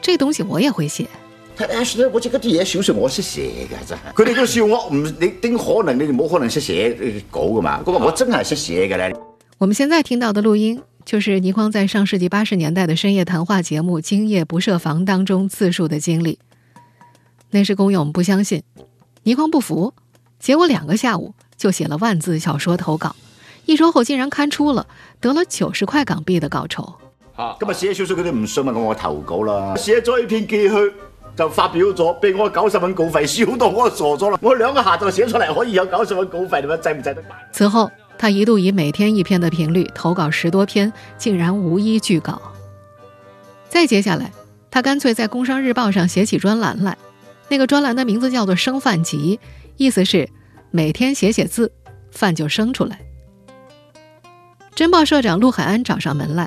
這東西我也會寫，他，哎，是的，我這個字也小說，我是寫的咋？佢哋嗰個小我你點可能？你哋冇可能寫稿噶嘛？嗰個我真的是寫的咧。我們現在聽到的錄音，就是倪匡在上世紀八十年代的深夜談話節目《今夜不設防》當中自述的經歷。那時工友們不相信，倪匡不服，結果兩個下午就寫了萬字小說投稿，一周後竟然刊出了，得了九十塊港幣的稿酬。今日寫少少，佢哋唔信問我投稿啦。寫咗一篇寄去，就發表咗，俾我九十蚊稿費，笑到我傻咗啦。我兩個下就寫出嚟，可以有九十蚊稿費，你話制唔制都買。此後，他一度以每天一篇的頻率投稿十多篇，竟然無一拒稿。再接下來，他乾脆在《工商日報》上寫起專欄來，那個專欄的名字叫做《生飯集》，意思是每天寫寫字，飯就生出來。《真報》社長陸海安找上門來。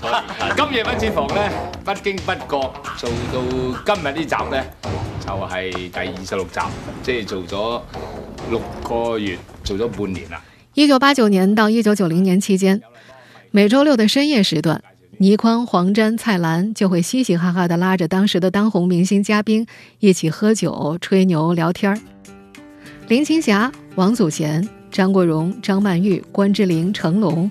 今夜不設防呢，不經不覺做到今日呢集呢，就係第二十六集，即係做咗六個月，做咗半年啦。一九八九年到一九九零年期間，每週六的深夜時段，倪匡、黃霑、蔡瀾就會嘻嘻哈哈地拉着當時的當紅明星嘉賓一起喝酒、吹牛、聊天。林青霞、王祖賢、張國榮、張曼玉、關之琳、成龍。